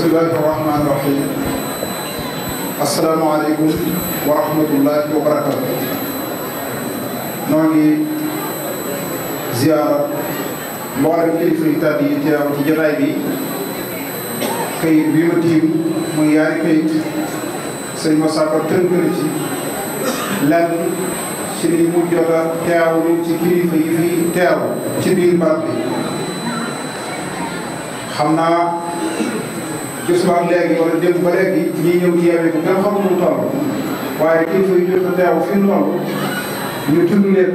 bismillahi rahmaani rahim asalaamaaleykum wa rahmatullahi wa barakatu noo ngi ziara kilifa yu tàdd yi teew ci jotaay bi këyit bi ma tiim muy yaari këyit sëñ ma sàkka tënk ci lenn ci li mu jot a teewlu ci kilifa yi fi teew ci biir barab bi xam ci suba léegi wala dégg ba léegi ñiy ñëw ci yemee bu kenn xamul mu toll waaye kilifa yi jot a teew fi mu toll ñu tudd leen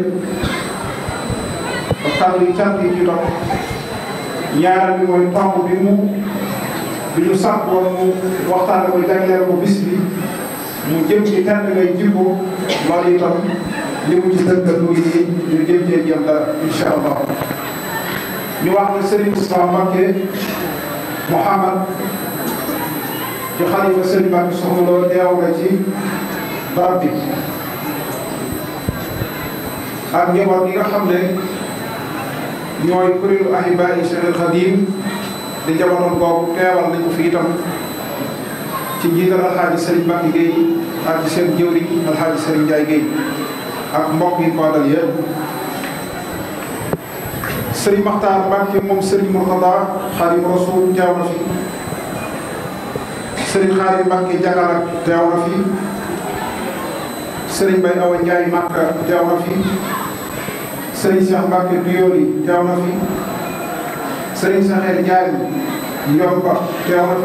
waxtaan yu cant yi ñu topp ñaareel bi mooy tomb bi mu bi ñu sàpp woon mu waxtaan ko jagleel ko bis bi mu jëm ci tànn ngay jikko loolu itam li mu ci dëkkal muy nii ñu jëm cee jëm dara incha allah ñu wax ne Serigne Moustapha Mbacké Mouhamad di xalifa sëriñ Mbàkke Soxna Lo teew nga ci barab bi ak njaboot gi nga xam ne ñooy kuréelu ahibaa yi Seexul Xadiim di jamono boobu teewal nañu fi itam ci njiital alxaaji sëriñ Mbàkke ak ci seen jëwriñ sëriñ Njaay Géey ak mbokk yi dal yëpp sëriñ Maxtaar Mbàkke moom sëriñ Murtada Xaadimu Rasuul teew na fi sëriñ Xaari Mbàkke Jagara teew na fi sëriñ Bay Awa Njaay Màkka teew na sëriñ Cheikh Mbàkke Diyooli teew na sëriñ Saxeer Njaay Yomba teew na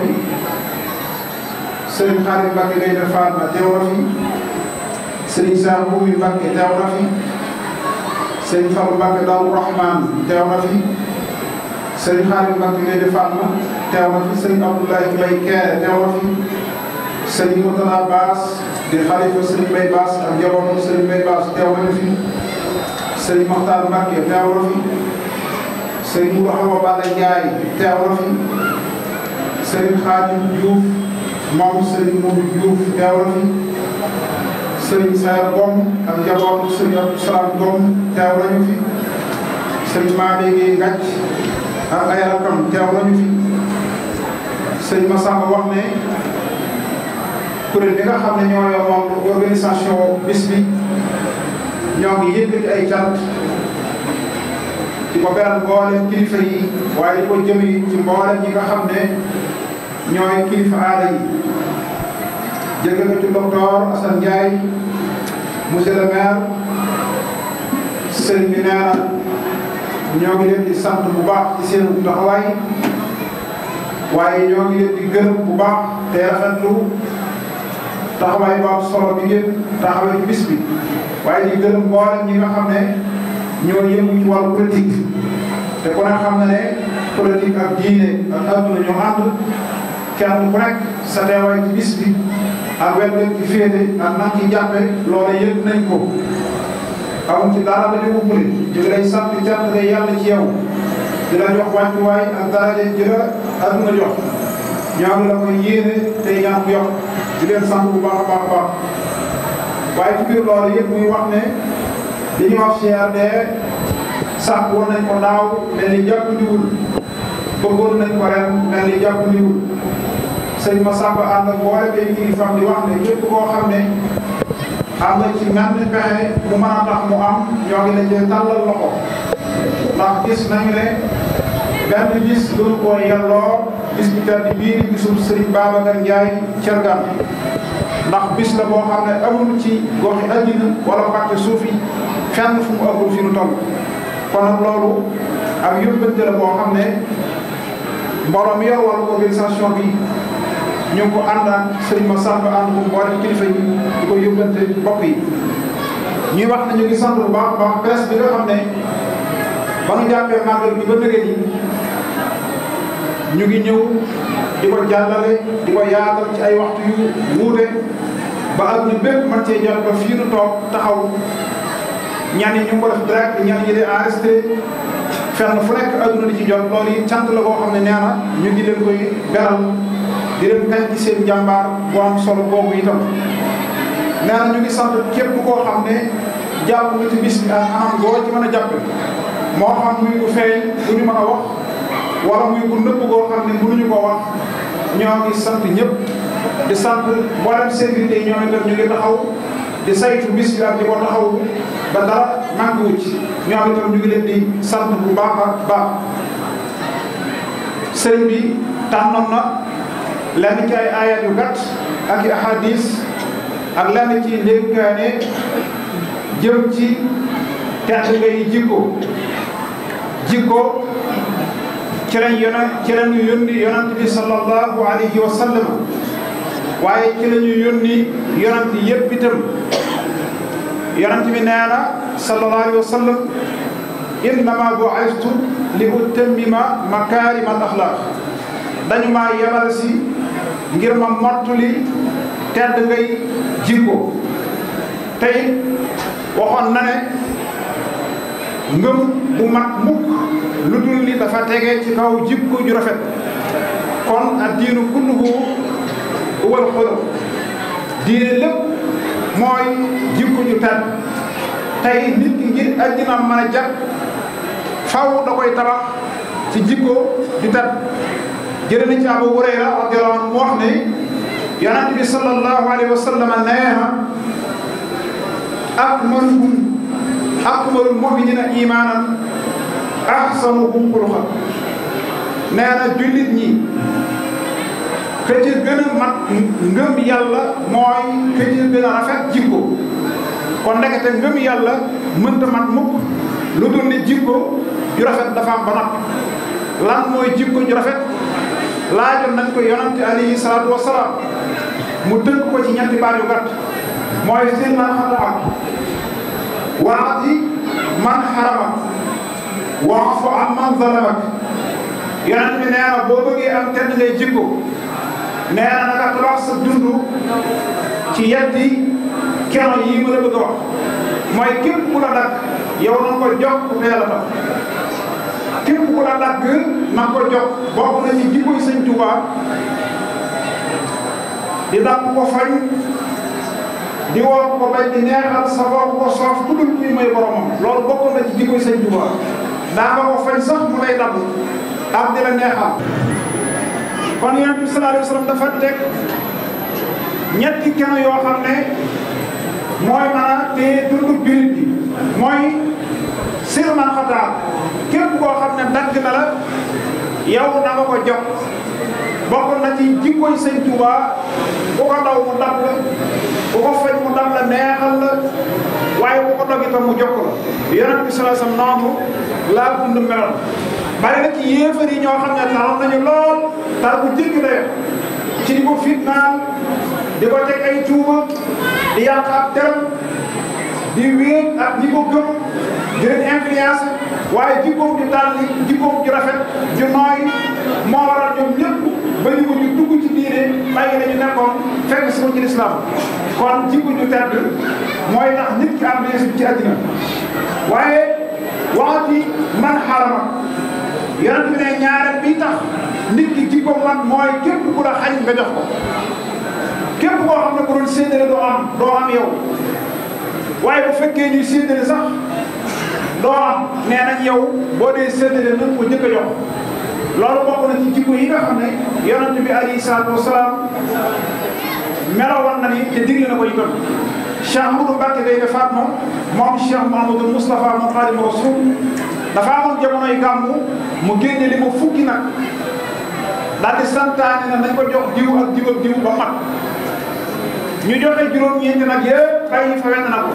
sëriñ Xaari Mbàkke Gaynde Fatma teew na sëriñ Saar Buubi Mbàkke teew na sëriñ Faru Mbàkke Daaru Rahmaan teew na sëñ Xaadim Mbàkke Gaynde Fatma teew na fi sëñ Abdoulaye Mbaye Kéré teew na fi sëñ Moutala Baas di xalifa sëñ Mbaye Baas ak njabootam sëñ Mbaye Baas teew na fi sëñ Moxtaar Mbàkke teew na fi sëñ teew na fi sëñ Xaadim Diouf moom sëñ na fi sëñ Sayar Gom teew nañu fi sëñ Maame Guèye Ngath ak ah, ay rakam teew nañu fi sëñ Massamba wax ne kuréel bi nga xam ne ñoo yor moom organisation bis bi ñoo ngi yëkkati ay cant di ko beral mboolem kilifa yi waaye di ko jëme ci mboolem ñi nga xam ne ñooy kilifa aada yi jëge ko ci docteur Assane Ndiaye monsieur le ñoo ngi leen di sant bu baax ci seen taxawaay waaye ñoo ngi leen di gërëm bu baax te rafetlu taxawaay bu am solo bi ngeen taxawee ci bis bi waaye di gërëm mboolem ñi nga xam ne ñoo yëngu ci wàllu te ku ne xam na ne politique ak diine ak àdduna ñu ànd kenn ku nekk sa teewaay ci bis bi ak wet ci féete ak nan ci jàppe loola yëg nañ ko xamuñ ci dara dañu ko bëri ñu ngi lay sant di sant de yàlla ci yow di la jox wàccuwaay ak daraja ji la aduna jox ñaanu la ko yéene tey ñaan ko yokk di leen sant bu baax a baax a baax waaye ci biir loolu yëpp muy wax ne li ñuy wax CRD sax woon nañ ko daaw mel ni jàppandiwul bëggoon nañ ko ren mel ni jàppandiwul sëñ Massamba ànd ak boole bay kii fam di wax ne képp koo xam ne ànd ci mel ni pexe bu mën a mu am ñoo ngi la tàllal loxo ndax gis nañu ne benn bis gën koo yelloo bis bi tedd bii bisub Serigne Babacar Ndiaye Thiergane ndax bis la boo xam ne amul ci goxi àddina wala pàcc suuf fenn fu mu amul fi nu kon nag loolu ak yóbbante la boo xam ne borom yowal organisation bi ñu ngi ko àndaan sëriñ ma sàmb ànd ko mboolem yi di ko ñu ngi sant bu baax a ñu ngi ñëw di ko jàllale di ko yaatal ci ay waxtu yu wuute ba àdduna bépp man cee jot fii nu toog taxaw ñaan yi ñu ngi ko def direct ñaan yi di enregistré fenn fu nekk àdduna di ci jot loolu yi cant la koo xam ne nee na ñu ngi leen koy beral di leen kañ ci seen jàmbaar bu am solo boobu itam nee na ñu ngi sant képp koo xam ne jàpp nga ci bis bi ak moo xam muy bu feeñ bu ñu mën a wax wala muy bu nëpp goo xam ne mënuñu ko wax ñoo sant ñëpp di sant mboolem sécurité yi ñoo ngi def ñu ngi taxaw di saytu bis bi ak di ko taxaw ba dara manqué ci ñoo ngi ñu ngi leen di sant bu baax a baax sëriñ bi na lenn ci ay ayat yu gàtt ak i ahadis ak lenn ci ndénkaane jëm ci tedd ngay jikko jikko ci lañ yona ci lañu yónni yonant bi sallallahu alayhi waaye ci lañu yónni yonant yépp itam yonant bi nee na sallallahu alayhi wa sallam innama bu'istu li utammima makarim al axlaq dañu maa yebal ngir ma mottali tedd ngay jikko tey waxoon na ne ngëm bu mat mukk lu dul dafa tege ci kaw jikko ju rafet kon ak diinu kulluhu wal xuluq diine lépp mooy jikko ju tedd tey nit ngir àddina mën a jàpp faw da koy tabax ci jikko ju tedd jëlee nañ ci Abu Hurayra radiyallahu anhu mu wax ne yonent bi sallallahu alayhi wa sallam nee na akmaluhum akmalul muminina imaanan ahsanuhum xuluqan nee na jullit ñi ka ci gën a mat ngëm yàlla mooy ka ci gën a rafet jikko kon ndekete ngëm yàlla mënta mat mukk lu dul jikko ju dafa am lan mooy jikko ju rafet laajoon nañ ko yonante alayhi salaatu wasalaam mu tënk ko ci ñetti baat yu gàtt mooy seen man xarama waat yi man xarama waafu am man zalamak bi nee na boo bëggee am tedd ngay jikko nee na nanga tabax sa dund ci yetti keno yi ma la bëgg a mooy képp ku la dakk yow na ko jox ku nee la képp ku la dagg na ko jox bokk na ci jikkoy sëñ Tuubaa di dàq ko fay di woo ko bay di neexal sa bopp ko soof ku dul kuy may loolu bokk na ci jikkoy sëñ Tuubaa daa nga ko fay sax mu lay dàq am di la neexal kon Yonent bi sallallahu alayhi wa dafa teg ñetti kenn yoo xam ne mooy mën a téye dundu bi mooy sir man xataa képp koo xam ne dagg na la yow na nga ko jot bokk na ci jikkoy sëñ Tuuba ku ko daw mu dab la ku ko faj mu dab la neexal la waaye ku ko dog mu jokk la yonent bi sallallahu alayhi noonu laa dund meloon bari na ci yéefar yi ñoo xam ne taxaw nañu lool tar bu jéggi dayoo ci di ko fitnaal di ko teg ay tuuma di yàq ab deram di wéet ak ñi ko gëm di leen influence waaye jikkoom ju dal li jikkoom ju rafet ju nooy moo waral ñoom ñëpp ba ñu mujj dugg ci diine bàyyi nañu nekkoon fekk si ko ci lislaam kon jikko ju mooy tax nit ki am réussite ci waaye waxati man xarama yonent bi ne ñaareel bi tax nit ki jikko man mooy képp ku la xañ nga jox ko képp koo xam ne ku doon séddale doo am doo am yow waaye bu fekkee ñuy séddale sax loo am nee nañ yow boo dee séddale na ko njëkk a jox loolu bokk na ci jikko yi nga xam ne yonent bi alayhi salaatu wasalaam melowoon na ni te digle na ko itam Cheikh Amadou Mbacke day defaat dafa amoon jamonoy gàmmu mu génne li ko fukki nag daal di na nañ ko jox diw ak diw ak ba mat ñu joxe juróom-ñeenti nag yëpp bàyyi fa wenn na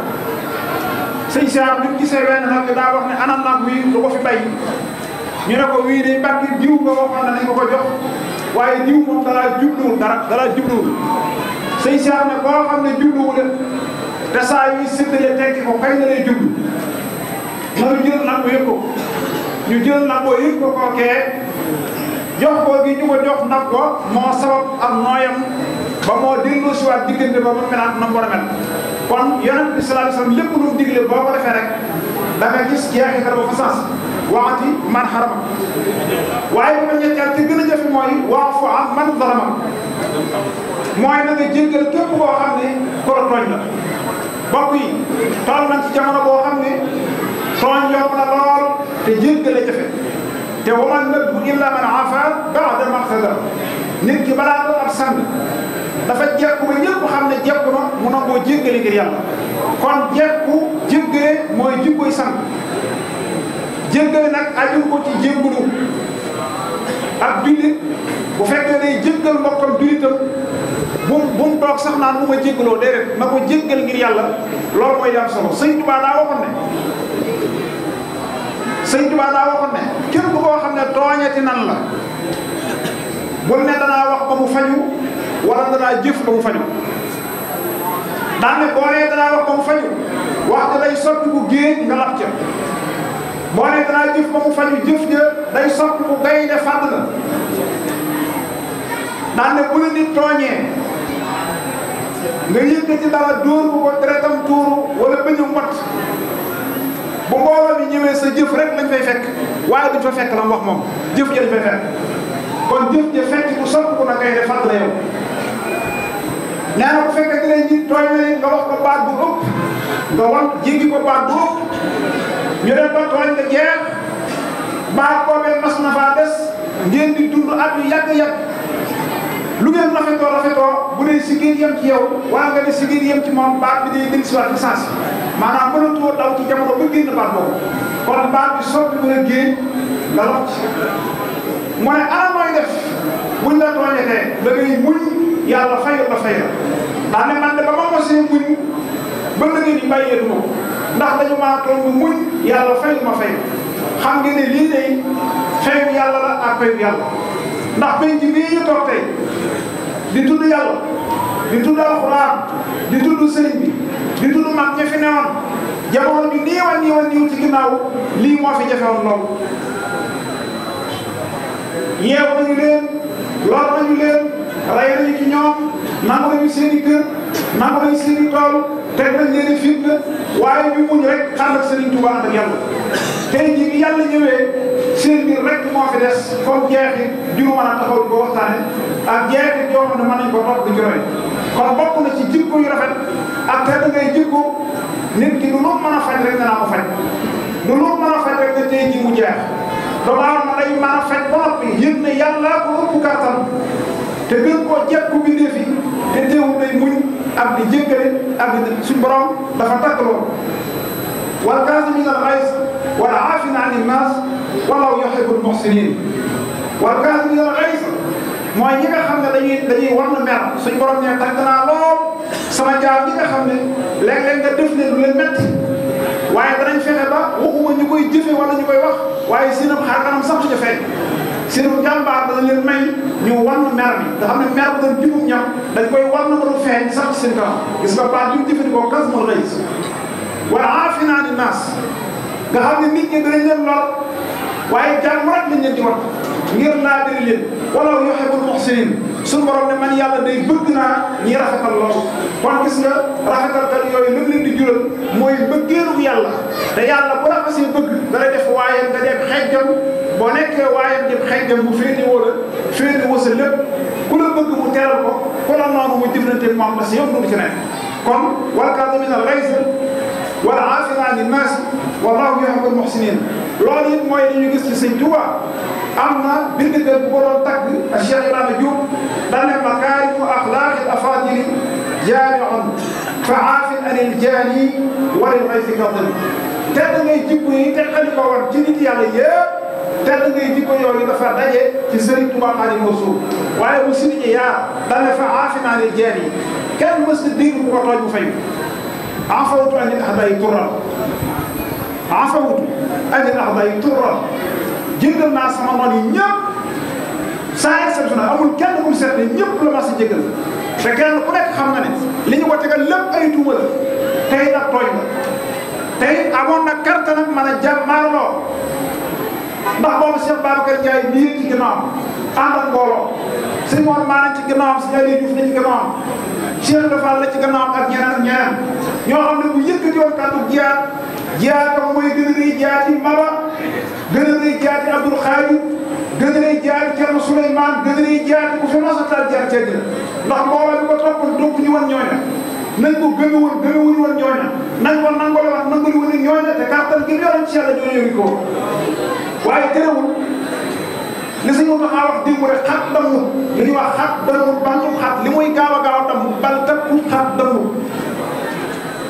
sëñ Saar bi gisee wenn nag daa wax ne anam nag wii lu ko fi bay ñu ne ko wii day bàkki diw nga na nañ ko ko jox waaye diw moom dalaa jubluwul dara dalaa jubluwul ne koo xam ne jubluwul te saa yuy séddale tekki ko kay na lay jublu nanu jël nag ko yëg ko ñu jël nag ko ko kookee jox ko gi ñu ko jox nag ko moo sabab am nooyam ba moo dellu si waat diggante ba mu melaat na mu war kon yonent bi sallallahu alayhi wa sallam lépp lu mu digle boo ko defee rek da nga gis jeexital ba fa sens waxati man xarama waaye bu ma ñetteel te gën a jafe mooy waafu am man darama mooy na nga jéggal képp koo am ne koro tooñ la bokk yi toll nañ ci jamono boo xam ne tooñ yomb na lool te jéggale jafe te waman nag bu illa man afa ba'da maqtada nit ki balaa ko ab sànni dafa jekku ba ñëpp xam ne jekku na mu nangoo jéggale ngir yàlla kon jekku jéggale mooy jikkoy sant jéggale nag aju ko ci jéggulu ak jullit bu fekkee day jéggal mbokkam jullitam bu bu mu toog sax naan bu ma jéggaloo déedéet na ko jéggal ngir yàlla loolu mooy am solo sëñ Tuubaa daa waxoon ne sëñ Tuubaa daa waxoon ne képp koo xam ne tooñati nan la bul ne danaa wax ba mu faju wala danaa jëf ba mu faju daane boo nee danaa wax ba mu faju wax day sotti bu géej nga lab ca boo nee jëf ba mu faju jëf ja day sotti bu gaynde fàdd na daane bu la nit tooñee nga yëkkati dara dóor bu ko deretam tuuru wala bëñu mot bu mbooloo bi ñëwee sa jëf rek lañ fay fekk waaye duñ fa fekk la mu wax moom jëf ja dañ fay fekk kon jëf ja fekk bu sotti ko na gaynde fàdd la yow nee na bu fekkee ne nit tooñ na leen nga wax ko baat bu ëpp nga wan jéggi ko baat bu ëpp ñu dem tooñ nga jeex baat boobee mas na faa des ngeen di dund at yu yàgg-yàgg lu ngeen rafetoo rafetoo bu dee si ngeen yem ci yow wala nga ne si ngeen yem ci moom baat bi day dégg si waat sens maanaam mënatoo daw ci jamono ba génn baat boobu kon baat bi soppi mën a génn nga lox ci mu mooy def buñ la tooñatee da ngay muñ yàlla fayal la fayal daa ne man de ba ma mos a muñ ba léegi ñu bàyyeetu ma ndax dañu maa toll muñ yàlla fayal ma fayal xam nga ne lii day xeeyu yàlla la ak payu yàlla ndax penc bii ñu toog tey di tudd yàlla di tudd alxuraan di tudd sëriñ bi di tudd mag ña fi newoon nii wan nii wan nii ci ginnaaw lii moo fi jafewoon lool yeewu nañu leen lor nañu leen rey nañu ci ñoom nangu nañu seen i kër nangu nañu seen i tool teg nañ leen fitna waaye bi muñ rek ànd ak Serigne Touba ànd ak yàlla rek moo fi des comme jeexit juru mën a taxaw ko waxtaane ak jeexit yoo xam ne mën nañ ko topp ko ci roy bokk na ci jikko yu rafet a te da ngay jikko nit ki du lu mën a faj rek danaa ko faj du lu mën a faj rek nga tey ji mu jeex damaa mën a maa fekk ba noppi yëg ne yàllaa ko ëpp kàttan te gën koo jekku bindee fi te teewul day muñ ak di jéggale ak di suñ borom dafa tàgg lool wal kaazimiina al-ghayz wal aafiina ani n-naas wallaahu yuhibbul muhsiniin wal kaazimiina al-ghayz mooy ñi nga xam ne dañuy dañuy war na mer suñ borom ne tàgg naa lool sama jaar ñi a xam ne léeg-léeg nga def ne lu leen métti waaye danañ fexe ba waxuma ñu koy jëfe wala ñu koy wax waaye seenam xaar kanam sax du ca feeñ seenam jàmbaar dana leen may ñu wan mer bi nga xam ne mer bu doon jubum ñam dañ koy wan na ko du feeñ sax ci seen kanam gis nga baat yu jëfandikoo kas mën rëy wala aafinaa ni naas nga xam ne nit ñi danañ leen lor waaye jàmm rek lañ leen di wat ngir laa diri leen wala yuhibbul muhsinin suñu borom ne man yàlla day bëgg naa ñi rafetal loolu kon gis nga rafetalkat yooyu lu leen di jural mooy bëggeelu yàlla te yàlla bu la xasee bëgg nga la def waayam nga def xejjam boo nekkee waayam def xejjam bu féete woo la féete woo sa lépp ku la bëgg mu teral ko ku la noonu mu jëflante moom la si yow du ci nekk kon wal kaazimiina al-ghayz wal aafiina ani n-naas wallaahu yuhibbul muhsiniin loolu it mooy li ñu am na bindkat bu ko doon tagg ak Cheikh Ibrahima Diouf daan ne makaarimu axlaaqi afaadili jaamiun fa aafin anil jaani walil xayfi kadin tedd ngay jikko yi te xali ko woon ci nit yàlla yëpp tedd ngay jikko yooyu dafa daje ci Sëriñ Tuubaa Xaadimu Rasuul waaye bu siniñe yaa daan ne fa aafin anil jaani kenn mës a dégg ku ko tooñ mu fayu afawtu anil ahdayi turan afawtu anil ahdayi turan jéggal naa sama noon yi ñëpp sans exception amul kenn ku set ne ñëpp la ma si jéggal te ku nekk xam na ne li ñu ko tegal lépp ay tuuma la tey nag tooñ la tey amoon na carte nag mën a jàmmaarloo ndax boobu Cheikh Babacar Ndiaye nii ci ginnaawam ànd ak mbooloo sëñ Mor Maane ci ginnaawam sëñ Aliou Diouf na ci ginnaawam Cheikh Ndofane la ci ginnaawam ak ñeneen ak ñeneen ñoo xam ne bu yëkkati woon kàddu jiyaat jaatam mooy gën a rëy jaati Maba gën a rëy jaati Abdul Xaadir gën a rëy jaati Cerno Souleymane gën a rëy jaati ku fi mos a taal jaar ca dina ndax mbooloo bi ko toppal donc ñu woon ñooña nañ ko gëme woon gëme wuñu woon ñooña nañ ko nangole wax nangoli woon ñooña te kàttan gi yoroon ci yàlla ñoo yëngu ko waaye terewul li si ñu taxaw wax démb rek xat damu li ñuy wax xat damu bantu xat li muy gaaw a gaaw a damm bal takku xat damu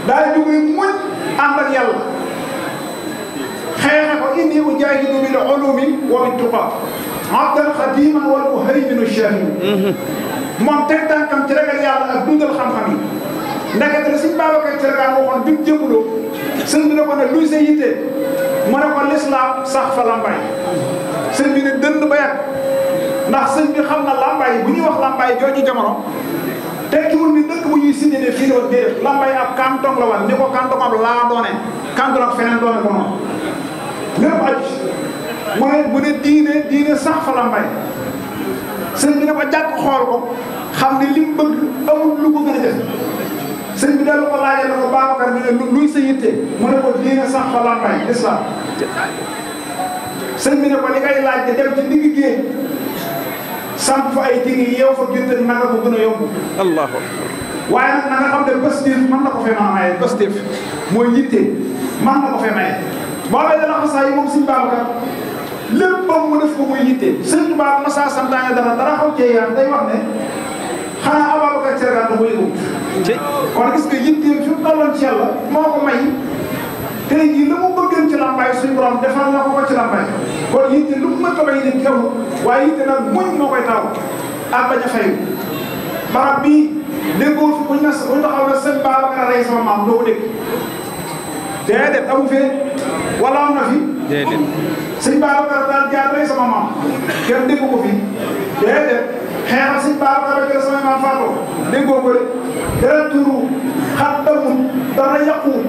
daa jógee muñ xeex ko inni ujaahidu bil ulumi wa bit tuqaa abdan xadiman wal muhayminu shahin moom teg tànkam ci ragal yàlla ak dundal xam-xam yi ndekete la suñ Babacar Thiergane waxoon bi mu jëmuloo sëñ bi ne ko ne luy sa yitte mu ne ko laa sax fa lambay sëñ bi ne dënd ba yàgg ndax sëñ xam na lambay bu ñuy wax lambay jooju jamono tekkiwul ni dëkk bu ñuy séddale fii la woon déedéet lambay ab canton la woon ni ko canton am laa doone canton ak feneen doone ko lépp aju mu ne mu ne diine diine sax fa la mbay sëñ bi dafa jàkk ko xam ne li bëgg amul lu ko gën a def sëñ bi dellu ko laajee ko Babacar ne luy sa yitte mu ne ko diine sax fa la mbay islam sëñ bi ne ko li ngay laaj de dem ci digg géej samp fa ay digg yeew fa gerte na nga ko gën a yomb. allahu waaye nag na xam ne positif mën na ko fee mën mooy yitte mën na ko fee mooy dana xasaay moom suñu Babacar lépp ba mu def ko dara dara xaw day wax ne xanaa Ababacar Thiergane da ko yëngu. kon gis nga yitteem fi mu tolloon ci yàlla moo ko may tey jii lu mu bëggoon ci làmbaay suñu borom defal na ko ko ci làmbaay kon yitte lu mu mën ko may dem teew waaye yitte nag muñ moo koy taw ak bañ a fayu barab bii déggoo fi buñ na buñ taxaw na sëñ Babacar a rey sama maam doo ko dégg déedéet amu fee. wala am na fi. déedéet sëñ Babacar daal jaar lay sama maam kenn déggu ko fi déedéet xeexal sëñ Babacar rek sama maam faatoo déggoo ko de turu xat damul dara yàquwul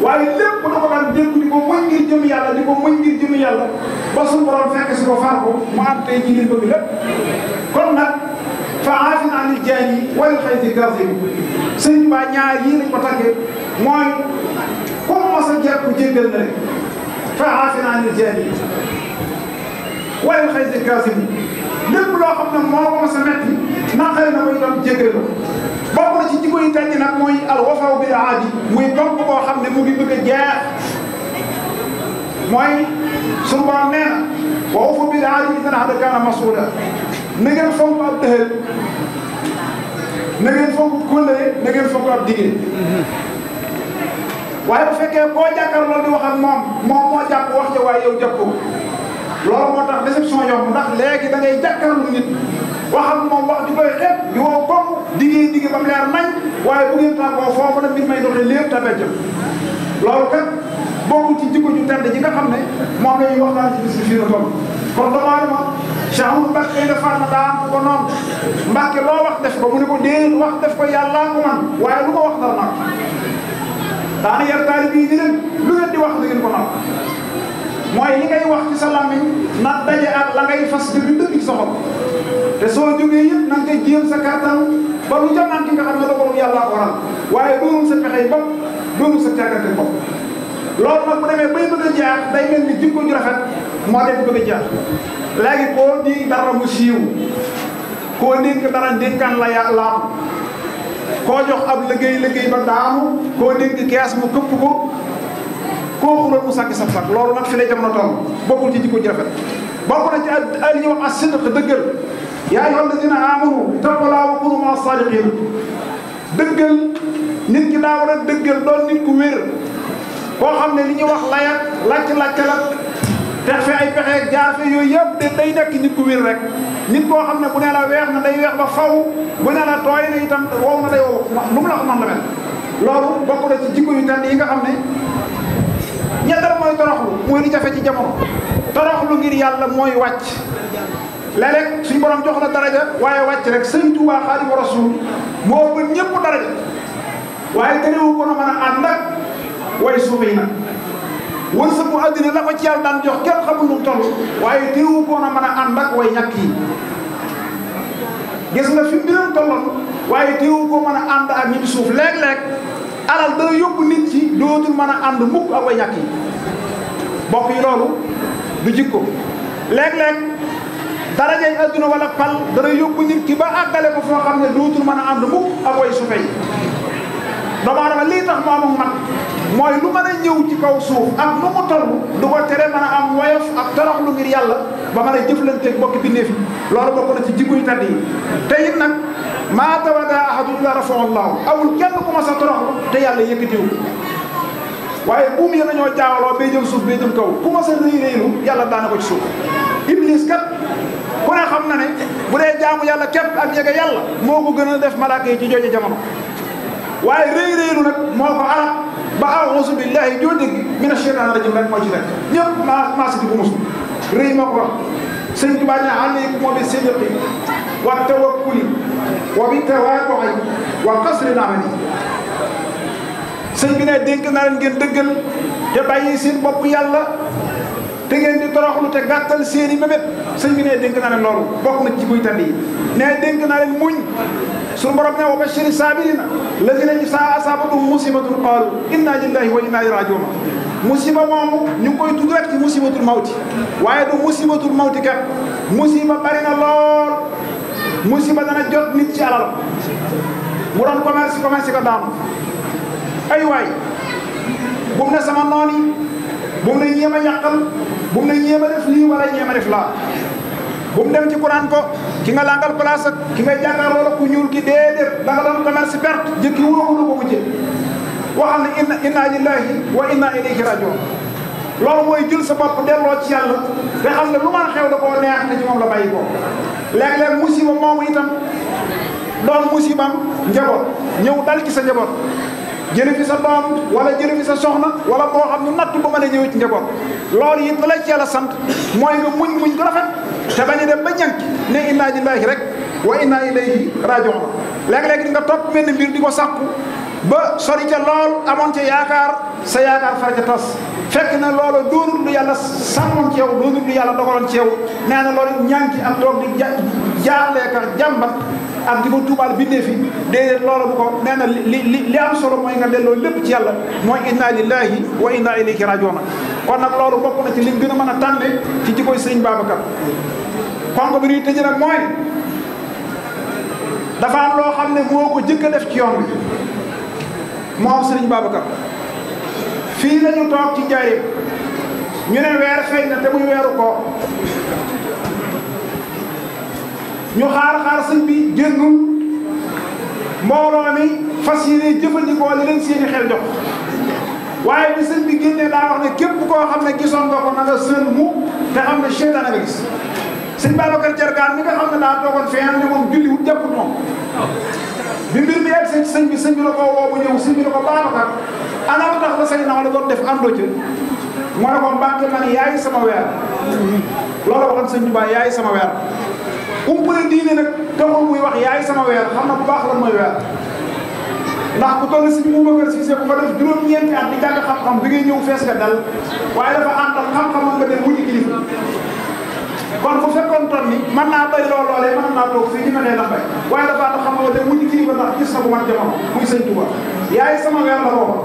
waaye lépp da ko daan dégg di ko mën ngir ba suñu borom si ko faat ko mu tey ci liñ bëgg kon nag. fa aafin anil jaani wal xayti gazim sëñ Ba ñaar yii lañ ko mooy. mos a jàpp jéggal na rek fa aafina an jaahil wayal xëy si kaasim lépp loo xam ne moo ko mos a metti naqare na ko itam jéggal la bokk na ci jikko yi tànn nag mooy al wafaw bil aadi muy topp koo xam mu ngi a jeex mooy suñu borom nee na wa awfu bil aadi inna al ahda kaana masuula na ngeen fonk ab dëhër na ngeen fonk kóllëre na ngeen fonk ab diggé waaye bu fekkee koo jàkkaarloo di wax moom moom moo jàpp wax ja waaye yow jàpp loolu moo tax déception yomb ndax léegi da ngay jàkkaarlu nit wax ak moom wax di koy xeeb di wow koom digee digee ba mu leer nañ waaye bu ngeen tàggoo foofu nag mbir may doxee lépp tamit loolu kat bokku ci jikko ju tedd ji nga ne moom la ñuy ci bis bi kon damaa ma Cheikh Amadou Mbacke nga fànn daa am ko noonu Mbacke loo wax def ko mu ne ko déedéet wax def ko yàllaa ko daana yar taali bii ni leen lu leen di wax da ngeen ko nopp mooy li ngay wax ci sa làmmiñ na daje ak la ngay fas te du dëgg ci te soo jógee yëpp na nga koy jéem sa kàttan ba lu jamanti nga xam ne dogalu yàlla ko waral waaye doonul sa pexey bopp doonul sa càggante bopp loolu nag bu demee bay bëgg a jaar day mel ni jikko ju rafet moo def bëgg a jaar léegi koo di dara mu siiw koo dénk dara dénkaan la ya koo jox ab liggéey liggéey ba daanu koo dégg kees mu këpp ko koo xuloon mu sàkki sab sàkk loolu nag fi ne jamono toll ko ci jikko ji rafet bokk na ci al a as sidq dëggal yaa ayyuha allazina amanu taqulaa wa kunu maa saadiqin dëggal nit ki daa war a dëggal doon nit ku wér koo xam ne li ñu wax layak lacc lacc pexe ay pexe gaafe yooyu yëpp de day nekk nit ku wér rek nit koo xam ne bu nee la weex na day weex ba faw bu nee la tooy na itam wow na day wow lu yi nga xam ne ñettal mooy toroxlu mooy li jafe ci jamono toroxlu ngir yàlla mooy wàcc léeg-léeg suñu borom jox la daraja waaye wàcc rek sëñ Tuubaa Xaadimu Rasuul moo gën ñëpp daraja waaye terewul ko na mën a ànd ak way suufi na wërsëgu àddina la ko ci yàlla daan jox kenn xamul mu toll waaye teewu ko na mën a ànd ak way ñàkk yi gis nga fi mbiram tolloon waaye teewu ko mën a ànd ak ñi ci suuf léeg-léeg alal dana yóbbu nit ci dootul mën a ànd mukk a way ñàkk yi bokk yi loolu du jikko léeg-léeg darajay àdduna wala pal dana yóbbu nit ki ba àggale ko foo xam ne dootul mën a ànd mukk ak way suufe doomu aadama lii tax mu man mooy lu mën a ñëw ci kaw suuf ak lu mu toll du tere mën a am woyof ak torox lu ngir yàlla ba mën a jëflanteeg mbokk bi néef loolu bokk na ci jikko yu tedd yi te it nag maa tawada ahadun illa rafahu llahu awul kenn ku ma sa toroxlu te yàlla yëkkatiwu waaye buum yi dañoo jaawaloo bay jëm suuf bay jëm kaw ku ma sa yàlla daana ko ci suuf iblis kat ku ne xam na ne bu dee jaamu yàlla képp ak yege moo ko gën def malaaka yi waaye rëy rëylu nag moo ko aar ba a'uuzu billahi joo dégg mina shaytaani rajim rek moo ci nekk ñëpp maa maa si di ko mosul rëy moo ko wax sëñ Tuubaa ne alaykum bi sidqi wa tawakkuli wa bi tawaadu'i wa qasri al-amali sëñ bi ne dénk naa leen ngeen dëggal te bàyyi seen bopp yàlla te ngeen di toroxlu te gàttal seen i mébét sëñ bi nee dénk naa leen loolu bokk na ci buy tànn yi ne dénk naa leen muñ suñu borom ne wa bashiri saabirina lazina isaa asaabatum musibatun qaalu inna lillahi wa inna ilayhi raaji'uun musiba moomu ñu ngi koy tudd rek ci musibatul mawti waaye du musibatul mawti kat musiba bari na lool musiba jot nit ci alal mu doon commerce commerce ko daanu ay waay bu mu ne sama noon yi bu mu ne ñeem a yàqal bu mu ne ñeem a def dem ci kuraan ko ki nga langal place ak ki nga jàkkaarloo la ku ñuul ki déedéet da nga doon commerce perte jëkki wóorul ko mujjee am ne inna inna lillahi wa inna ilayhi rajiun loolu mooy jël sa bopp delloo ci yàlla te xam ne lu man xew da koo neex te ci moom la bàyyi ko léeg-léeg musiba moomu itam doon musibam njaboot ñëw dal ci sa njaboot jële fi sa doom wala jële fi sa soxna wala boo xam nu natt ba mën a ñëwee ci njaboot loolu it la ci yàlla sant mooy nga muñ muñ ko rafet te bañ a dem ba ñànk ne innaa lillaahi rek wa innaa ilayhi raaji'uun léeg nga topp benn mbir di ko sàkku ba sori ca lool amoon ca yaakaar sa yaakaar far ca tas fekk na loolu doonul lu yàlla sàmmoon ci yow doonul lu yàlla dogaloon ci yow nee na loolu ñànk ak toog di ja jaaxle ak jàmbat am di ko tuubaal bindee fi déedéet loolu bu ko nee na li li li am solo mooy nga delloo lépp ci yàlla mooy inna lillahi wa inna ilayhi rajiuna kon nag loolu bokk na ci liñ gën a mën a tànne ci jikkoy sëñ Babacar kongo bi ñuy tëj nag mooy dafa am loo xam ne moo ko jëkk def ci yoon bi moo am sëriñ Babacar fii lañu toog ci njaay ñu ne weer feeñ na te muy weeru ko ñu xaar xaar sëñ bi génnul mbooloo mi fas yéene jëfandikoo li leen seeni xel jox waaye bi sëñ bi génnee daa wax ne képp koo xam ne gisoon nga ko na nga sën mu te xam ne seytaane nga gis sëñ Babacar Jargaan mi nga ne daa toogoon feeñal ne moom julli wut jàpput moom bi mbir mi egg ci sëñ bi sëñ bi la ko woo bu ñëw sëñ bi la ko Babacar ana lu tax ba say naw la def àndoo ca mu ne ko mbàkke man yaay sama weer loolu waxoon sëñ bi yaay kumpale diine nag taxul muy wax yaay sama weer xam na baax lan mooy weer ndax ku toll si mu bëgg a siise bu fa def juróom-ñeenti bi ngay ñëw fees nga dal waaye dafa ànd ak xam-xamam nga dem wuti kilifa kon bu fekkoon toll ni mën naa bay lool loolee mën naa toog fii ñu ne nee na bay waaye dafa ànd yaay sama weer la waxoon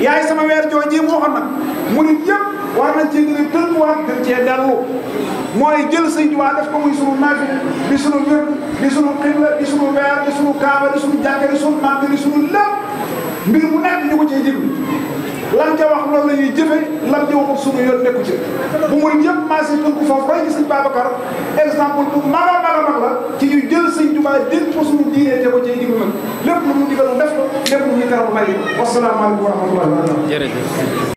yaay sama weer joojee moo xam nag murit yëpp. waa nañ cee gën a tënkuwaat gën cee dellu mooy jël sëñ Tuubaa def ko muy sunu nafi di sunu wér di sunu xibla di sunu weer di sunu kaaba di sunu jàkka di sunu màgg di sunu lépp mbir mu nekk ñu ko cee jéglu lan ca wax loolu la ñuy jëfe lan ca waxul sunu yoon nekku ci bu muy yëpp maasi tënku foofu roy ci sëñ Babacar exemple bu mag a mag a mag la ci ñu jël sëñ Tuubaa dénk ko sunu diine te ko cee jéglu nag lépp lu mu digal def ko lépp lu ñuy teral bàyyi wasalaamaaleykum wa rahmatulah jërëjëf